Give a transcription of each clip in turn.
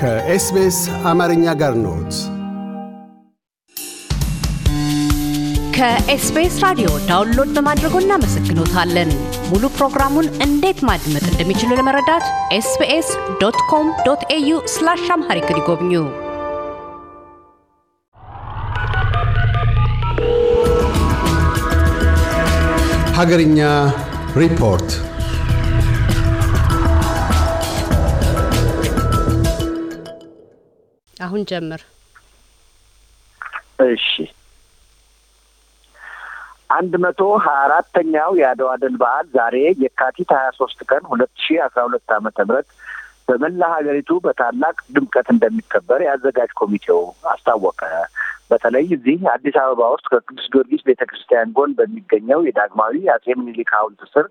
ከኤስቤስ አማርኛ ጋር ኖት። ከኤስቤስ ራዲዮ ዳውንሎድ በማድረጎ እናመሰግኖታለን። ሙሉ ፕሮግራሙን እንዴት ማድመጥ እንደሚችሉ ለመረዳት ኤስቤስ ዶት ኮም ዶት ኤዩ ስላሽ ይጎብኙ። ሀገርኛ ሪፖርት አሁን ጀምር። እሺ አንድ መቶ ሀያ አራተኛው የአድዋ ድል በዓል ዛሬ የካቲት ሀያ ሶስት ቀን ሁለት ሺ አስራ ሁለት ዓመተ ምህረት በመላ ሀገሪቱ በታላቅ ድምቀት እንደሚከበር የአዘጋጅ ኮሚቴው አስታወቀ። በተለይ እዚህ አዲስ አበባ ውስጥ ከቅዱስ ጊዮርጊስ ቤተ ክርስቲያን ጎን በሚገኘው የዳግማዊ አጼ ምኒልክ ሐውልት ስር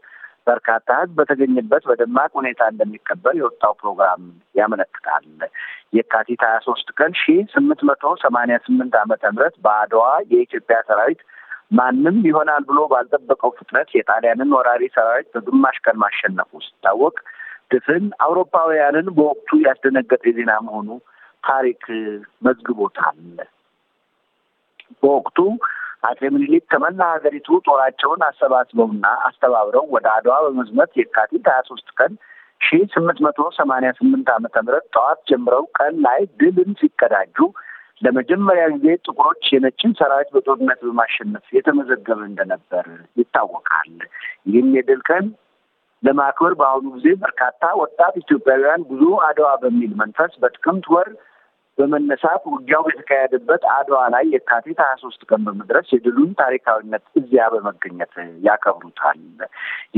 በርካታ ህዝብ በተገኘበት በደማቅ ሁኔታ እንደሚከበር የወጣው ፕሮግራም ያመለክታል። የካቲት ሀያ ሶስት ቀን ሺ ስምንት መቶ ሰማኒያ ስምንት ዓመተ ምህረት በአድዋ የኢትዮጵያ ሰራዊት ማንም ይሆናል ብሎ ባልጠበቀው ፍጥነት የጣሊያንን ወራሪ ሰራዊት በግማሽ ቀን ማሸነፉ ሲታወቅ ድፍን አውሮፓውያንን በወቅቱ ያስደነገጠ የዜና መሆኑ ታሪክ መዝግቦታል። በወቅቱ አጼ ምኒልክ ከመላ ሀገሪቱ ጦራቸውን አሰባስበውና አስተባብረው ወደ አድዋ በመዝመት የካቲት ሀያ ሶስት ቀን ሺ ስምንት መቶ ሰማኒያ ስምንት ዓመተ ምህረት ጠዋት ጀምረው ቀን ላይ ድልን ሲቀዳጁ ለመጀመሪያ ጊዜ ጥቁሮች የነጭን ሰራዊት በጦርነት በማሸነፍ የተመዘገበ እንደነበር ይታወቃል። ይህም የድል ቀን ለማክበር በአሁኑ ጊዜ በርካታ ወጣት ኢትዮጵያውያን ጉዞ አድዋ በሚል መንፈስ በጥቅምት ወር በመነሳት ውጊያው የተካሄደበት አድዋ ላይ የካቲት ሀያ ሶስት ቀን በመድረስ የድሉን ታሪካዊነት እዚያ በመገኘት ያከብሩታል።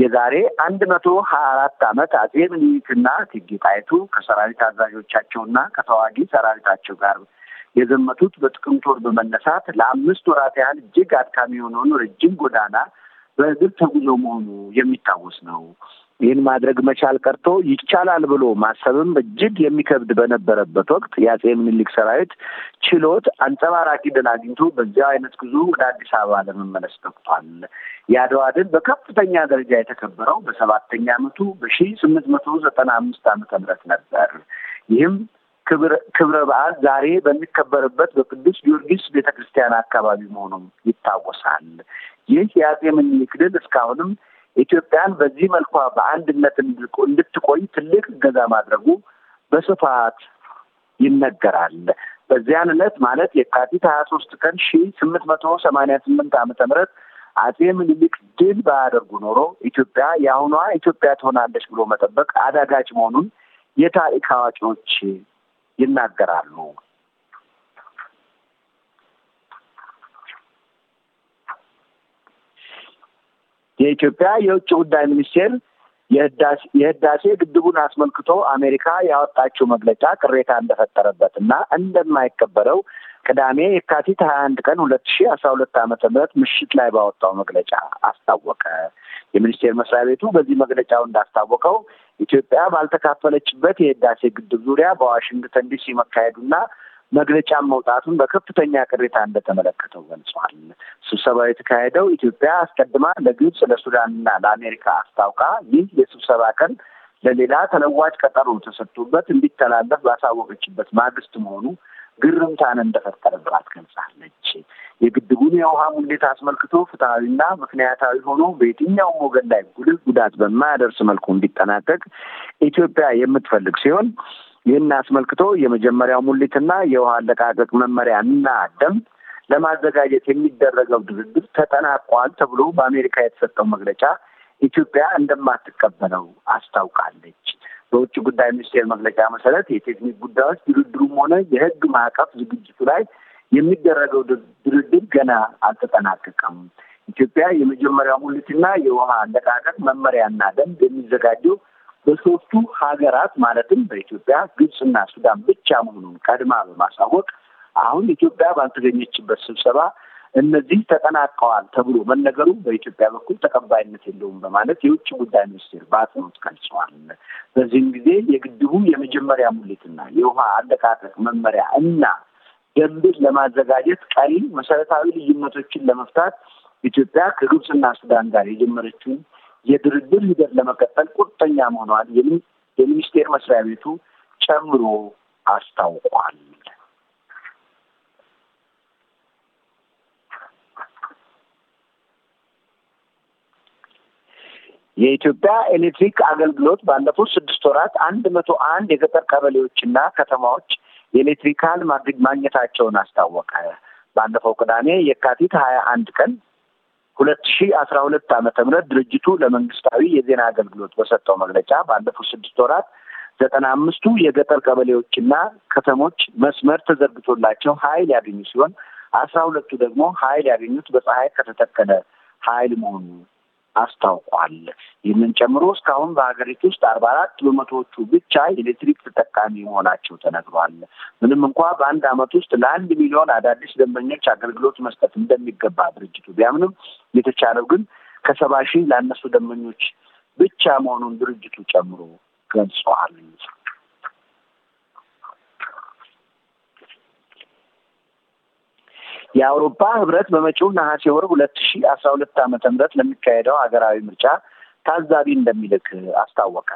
የዛሬ አንድ መቶ ሀያ አራት ዓመት አጼ ምኒልክና እቴጌ ጣይቱ ከሰራዊት አዛዦቻቸውና ከተዋጊ ሰራዊታቸው ጋር የዘመቱት በጥቅምት ወር በመነሳት ለአምስት ወራት ያህል እጅግ አድካሚ የሆነውን ረጅም ጎዳና በእግር ተጉዞ መሆኑ የሚታወስ ነው። ይህን ማድረግ መቻል ቀርቶ ይቻላል ብሎ ማሰብም እጅግ የሚከብድ በነበረበት ወቅት የአጼ ምኒልክ ሰራዊት ችሎት አንጸባራቂ ድል አግኝቶ በዚያው አይነት ጉዞ ወደ አዲስ አበባ ለመመለስ ገብቷል። የአድዋ ድል በከፍተኛ ደረጃ የተከበረው በሰባተኛ ዓመቱ በሺ ስምንት መቶ ዘጠና አምስት ዓመተ ምህረት ነበር። ይህም ክብረ በዓል ዛሬ በሚከበርበት በቅዱስ ጊዮርጊስ ቤተክርስቲያን አካባቢ መሆኑም ይታወሳል። ይህ የአጼ ምኒልክ ድል እስካሁንም ኢትዮጵያን በዚህ መልኳ በአንድነት እንድትቆይ ትልቅ እገዛ ማድረጉ በስፋት ይነገራል። በዚያን ዕለት ማለት የካቲት ሀያ ሶስት ቀን ሺ ስምንት መቶ ሰማኒያ ስምንት ዓመተ ምህረት አጼ ምኒልክ ድል ባያደርጉ ኖሮ ኢትዮጵያ የአሁኗ ኢትዮጵያ ትሆናለች ብሎ መጠበቅ አዳጋች መሆኑን የታሪክ አዋቂዎች ይናገራሉ። የኢትዮጵያ የውጭ ጉዳይ ሚኒስቴር የህዳሴ ግድቡን አስመልክቶ አሜሪካ ያወጣችው መግለጫ ቅሬታ እንደፈጠረበት እና እንደማይቀበለው ቅዳሜ የካቲት ሀያ አንድ ቀን ሁለት ሺ አስራ ሁለት ዓመተ ምህረት ምሽት ላይ ባወጣው መግለጫ አስታወቀ። የሚኒስቴር መስሪያ ቤቱ በዚህ መግለጫው እንዳስታወቀው ኢትዮጵያ ባልተካፈለችበት የህዳሴ ግድብ ዙሪያ በዋሽንግተን ዲሲ መካሄዱና መግለጫ መውጣቱን በከፍተኛ ቅሬታ እንደተመለከተው ገልጿል። ስብሰባው የተካሄደው ኢትዮጵያ አስቀድማ ለግብፅ ለሱዳንና ለአሜሪካ አስታውቃ ይህ የስብሰባ ቀን ለሌላ ተለዋጭ ቀጠሮ ተሰጥቶበት እንዲተላለፍ ባሳወቀችበት ማግስት መሆኑ ግርምታን እንደፈጠረባት ገልጻለች። የግድቡን የውሃ ሙሌት አስመልክቶ ፍትሐዊና ምክንያታዊ ሆኖ በየትኛውም ወገን ላይ ጉልህ ጉዳት በማያደርስ መልኩ እንዲጠናቀቅ ኢትዮጵያ የምትፈልግ ሲሆን ይህን አስመልክቶ የመጀመሪያው ሙሊትና የውሃ አለቃቀቅ መመሪያ እና ደንብ ለማዘጋጀት የሚደረገው ድርድር ተጠናቋል ተብሎ በአሜሪካ የተሰጠው መግለጫ ኢትዮጵያ እንደማትቀበለው አስታውቃለች። በውጭ ጉዳይ ሚኒስቴር መግለጫ መሰረት የቴክኒክ ጉዳዮች ድርድሩም ሆነ የሕግ ማዕቀፍ ዝግጅቱ ላይ የሚደረገው ድርድር ገና አልተጠናቀቀም። ኢትዮጵያ የመጀመሪያው ሙሊትና የውሃ አለቃቀቅ መመሪያና ደንብ የሚዘጋጀው በሶስቱ ሀገራት ማለትም በኢትዮጵያ ግብፅና ሱዳን ብቻ መሆኑን ቀድማ በማሳወቅ አሁን ኢትዮጵያ ባልተገኘችበት ስብሰባ እነዚህ ተጠናቀዋል ተብሎ መነገሩ በኢትዮጵያ በኩል ተቀባይነት የለውም በማለት የውጭ ጉዳይ ሚኒስቴር በአጽንኦት ገልጸዋል። በዚህም ጊዜ የግድቡ የመጀመሪያ ሙሌትና የውሃ አለቃቀቅ መመሪያ እና ደንብን ለማዘጋጀት ቀሪ መሰረታዊ ልዩነቶችን ለመፍታት ኢትዮጵያ ከግብፅና ሱዳን ጋር የጀመረችውን የድርድር ሂደት ለመቀጠል ቁርጠኛ መሆኗን የሚኒስቴር መስሪያ ቤቱ ጨምሮ አስታውቋል። የኢትዮጵያ ኤሌክትሪክ አገልግሎት ባለፉት ስድስት ወራት አንድ መቶ አንድ የገጠር ቀበሌዎችና ከተማዎች የኤሌክትሪክ ኃይል ማግኘታቸውን አስታወቀ። ባለፈው ቅዳሜ የካቲት ሀያ አንድ ቀን ሁለት ሺ አስራ ሁለት ዓመተ ምህረት ድርጅቱ ለመንግስታዊ የዜና አገልግሎት በሰጠው መግለጫ ባለፉት ስድስት ወራት ዘጠና አምስቱ የገጠር ቀበሌዎችና ከተሞች መስመር ተዘርግቶላቸው ኃይል ያገኙ ሲሆን አስራ ሁለቱ ደግሞ ኃይል ያገኙት በፀሐይ ከተተከለ ኃይል መሆኑ አስታውቋል። ይህንን ጨምሮ እስካሁን በሀገሪቱ ውስጥ አርባ አራት በመቶዎቹ ብቻ ኤሌክትሪክ ተጠቃሚ መሆናቸው ተነግሯል። ምንም እንኳ በአንድ ዓመት ውስጥ ለአንድ ሚሊዮን አዳዲስ ደንበኞች አገልግሎት መስጠት እንደሚገባ ድርጅቱ ቢያምንም የተቻለው ግን ከሰባ ሺህ ላነሱ ደንበኞች ብቻ መሆኑን ድርጅቱ ጨምሮ ገልጸዋል። የአውሮፓ ህብረት በመጪው ነሐሴ ወር ሁለት ሺ አስራ ሁለት ዓመተ ምህረት ለሚካሄደው ሀገራዊ ምርጫ ታዛቢ እንደሚልክ አስታወቀ።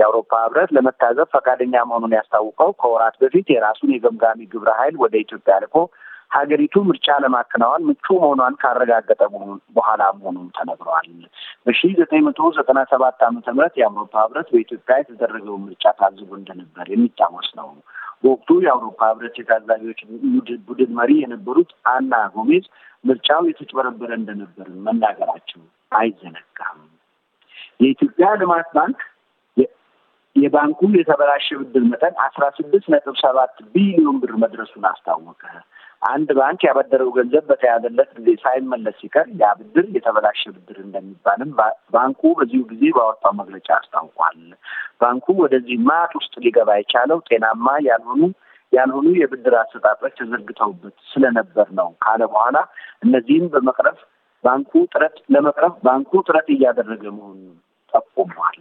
የአውሮፓ ህብረት ለመታዘብ ፈቃደኛ መሆኑን ያስታውቀው ከወራት በፊት የራሱን የገምጋሚ ግብረ ኃይል ወደ ኢትዮጵያ ልኮ ሀገሪቱ ምርጫ ለማከናወን ምቹ መሆኗን ካረጋገጠ በኋላ መሆኑን ተነግረዋል። በሺ ዘጠኝ መቶ ዘጠና ሰባት ዓመተ ምህረት የአውሮፓ ህብረት በኢትዮጵያ የተደረገውን ምርጫ ታዝቦ እንደነበር የሚታወስ ነው። በወቅቱ የአውሮፓ ህብረት የታዛቢዎች ቡድን መሪ የነበሩት አና ጎሜዝ ምርጫው የተጭበረበረ እንደነበር መናገራቸው አይዘነጋም። የኢትዮጵያ ልማት ባንክ የባንኩ የተበላሸ ብድር መጠን አስራ ስድስት ነጥብ ሰባት ቢሊዮን ብር መድረሱን አስታወቀ። አንድ ባንክ ያበደረው ገንዘብ በተያዘለት ጊዜ ሳይመለስ ሲቀር ያ ብድር የተበላሸ ብድር እንደሚባልም ባንኩ በዚሁ ጊዜ ባወጣው መግለጫ አስታውቋል። ባንኩ ወደዚህ ማጥ ውስጥ ሊገባ የቻለው ጤናማ ያልሆኑ ያልሆኑ የብድር አሰጣጦች ተዘርግተውበት ስለነበር ነው ካለ በኋላ እነዚህም በመቅረፍ ባንኩ ጥረት ለመቅረፍ ባንኩ ጥረት እያደረገ መሆኑን ጠቁሟል።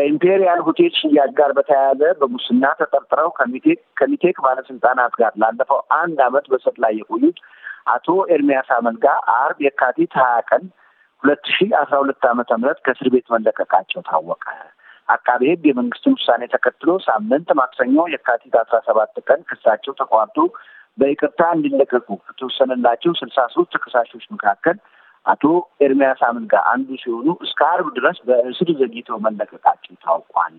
ከኢምፔሪያል ሆቴል ሽያጭ ጋር በተያያዘ በሙስና ተጠርጥረው ከሚቴክ ባለስልጣናት ጋር ላለፈው አንድ አመት በሰት ላይ የቆዩት አቶ ኤርሚያስ አመልጋ አርብ የካቲት ሀያ ቀን ሁለት ሺ አስራ ሁለት አመተ ምህረት ከእስር ቤት መለቀቃቸው ታወቀ። አቃቤ ሕግ የመንግስትን ውሳኔ ተከትሎ ሳምንት ማክሰኞ የካቲት አስራ ሰባት ቀን ክሳቸው ተቋርጦ በይቅርታ እንዲለቀቁ ከተወሰነላቸው ስልሳ ሶስት ተከሳሾች መካከል አቶ ኤርሚያስ አመንጋ አንዱ ሲሆኑ እስከ አርብ ድረስ በእስር ዘግይተው መለቀቃቸው ታውቋል።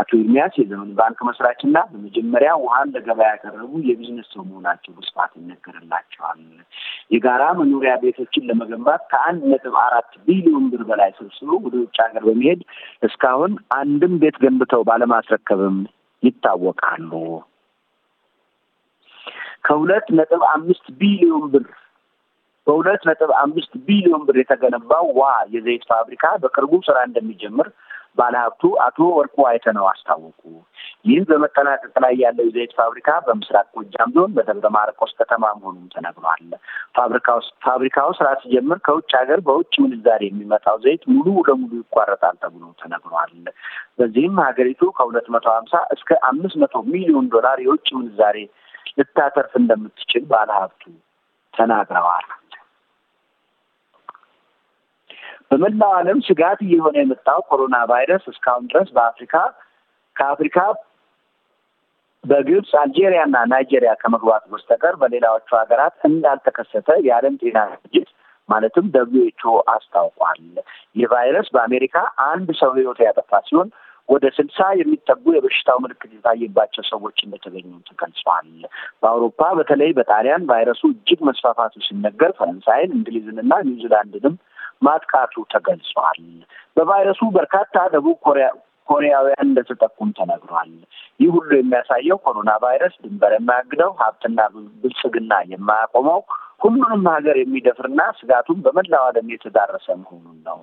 አቶ ኤርሚያስ የዘመን ባንክ መስራችና በመጀመሪያ ውሃን ለገበያ ያቀረቡ የቢዝነስ ሰው መሆናቸው በስፋት ይነገርላቸዋል። የጋራ መኖሪያ ቤቶችን ለመገንባት ከአንድ ነጥብ አራት ቢሊዮን ብር በላይ ሰብስበው ወደ ውጭ ሀገር በመሄድ እስካሁን አንድም ቤት ገንብተው ባለማስረከብም ይታወቃሉ። ከሁለት ነጥብ አምስት ቢሊዮን ብር በሁለት ነጥብ አምስት ቢሊዮን ብር የተገነባው ዋ የዘይት ፋብሪካ በቅርቡ ስራ እንደሚጀምር ባለሀብቱ አቶ ወርቁ አይተነው አስታወቁ። ይህ በመጠናቀቅ ላይ ያለው የዘይት ፋብሪካ በምስራቅ ጎጃም ዞን በደብረ ማርቆስ ከተማ መሆኑም ተነግሯል። ፋብሪካው ስራ ሲጀምር ከውጭ ሀገር በውጭ ምንዛሪ የሚመጣው ዘይት ሙሉ ለሙሉ ይቋረጣል ተብሎ ተነግሯል። በዚህም ሀገሪቱ ከሁለት መቶ ሀምሳ እስከ አምስት መቶ ሚሊዮን ዶላር የውጭ ምንዛሬ ልታተርፍ እንደምትችል ባለሀብቱ ተናግረዋል። በመላው ዓለም ስጋት እየሆነ የመጣው ኮሮና ቫይረስ እስካሁን ድረስ በአፍሪካ ከአፍሪካ በግብፅ አልጄሪያ እና ናይጄሪያ ከመግባት በስተቀር በሌላዎቹ ሀገራት እንዳልተከሰተ የዓለም ጤና ድርጅት ማለትም ደብሊው ኤች ኦ አስታውቋል። ይህ ቫይረስ በአሜሪካ አንድ ሰው ህይወት ያጠፋ ሲሆን ወደ ስልሳ የሚጠጉ የበሽታው ምልክት የታየባቸው ሰዎች እንደተገኙ ተገልጿል። በአውሮፓ በተለይ በጣሊያን ቫይረሱ እጅግ መስፋፋቱ ሲነገር ፈረንሳይን፣ እንግሊዝንና ኒውዚላንድንም ማጥቃቱ ተገልጿል። በቫይረሱ በርካታ ደቡብ ኮሪያ ኮሪያውያን እንደተጠቁም ተነግሯል። ይህ ሁሉ የሚያሳየው ኮሮና ቫይረስ ድንበር የማያግደው ሀብትና ብልጽግና የማያቆመው ሁሉንም ሀገር የሚደፍርና ስጋቱን በመላው ዓለም የተዳረሰ መሆኑን ነው።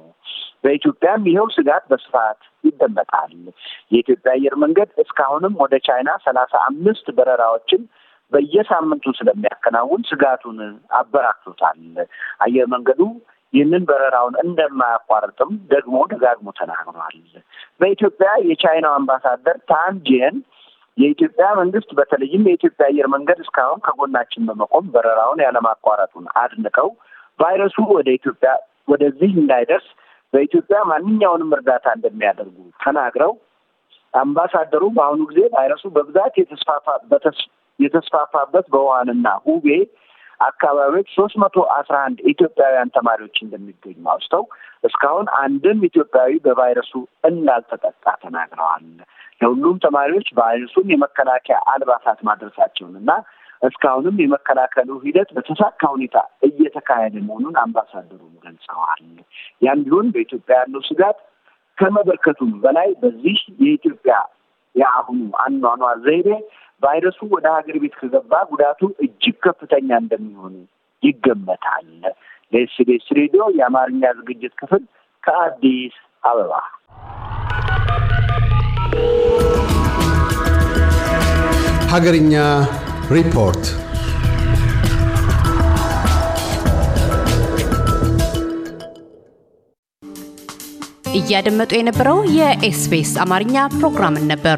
በኢትዮጵያም ይኸው ስጋት በስፋት ይደመጣል። የኢትዮጵያ አየር መንገድ እስካሁንም ወደ ቻይና ሰላሳ አምስት በረራዎችን በየሳምንቱ ስለሚያከናውን ስጋቱን አበራክቶታል። አየር መንገዱ ይህንን በረራውን እንደማያቋርጥም ደግሞ ደጋግሞ ተናግሯል። በኢትዮጵያ የቻይናው አምባሳደር ታንጂየን የኢትዮጵያ መንግስት በተለይም የኢትዮጵያ አየር መንገድ እስካሁን ከጎናችን በመቆም በረራውን ያለማቋረጡን አድንቀው ቫይረሱ ወደ ኢትዮጵያ ወደዚህ እንዳይደርስ በኢትዮጵያ ማንኛውንም እርዳታ እንደሚያደርጉ ተናግረው አምባሳደሩ በአሁኑ ጊዜ ቫይረሱ በብዛት የተስፋፋበት በውሃንና ሁቤ አካባቢዎች ሶስት መቶ አስራ አንድ ኢትዮጵያውያን ተማሪዎች እንደሚገኙ አውስተው እስካሁን አንድም ኢትዮጵያዊ በቫይረሱ እንዳልተጠቃ ተናግረዋል። ለሁሉም ተማሪዎች ቫይረሱን የመከላከያ አልባሳት ማድረሳቸውን እና እስካሁንም የመከላከሉ ሂደት በተሳካ ሁኔታ እየተካሄደ መሆኑን አምባሳደሩ ገልጸዋል። ያም ቢሆን በኢትዮጵያ ያለው ስጋት ከመበርከቱም በላይ በዚህ የኢትዮጵያ የአሁኑ አኗኗ ዘይቤ ቫይረሱ ወደ ሀገር ቤት ከገባ ጉዳቱ እጅግ ከፍተኛ እንደሚሆን ይገመታል። ለኤስቤስ ሬዲዮ የአማርኛ ዝግጅት ክፍል ከአዲስ አበባ ሀገርኛ ሪፖርት እያደመጡ የነበረው የኤስቢኤስ አማርኛ ፕሮግራምን ነበር።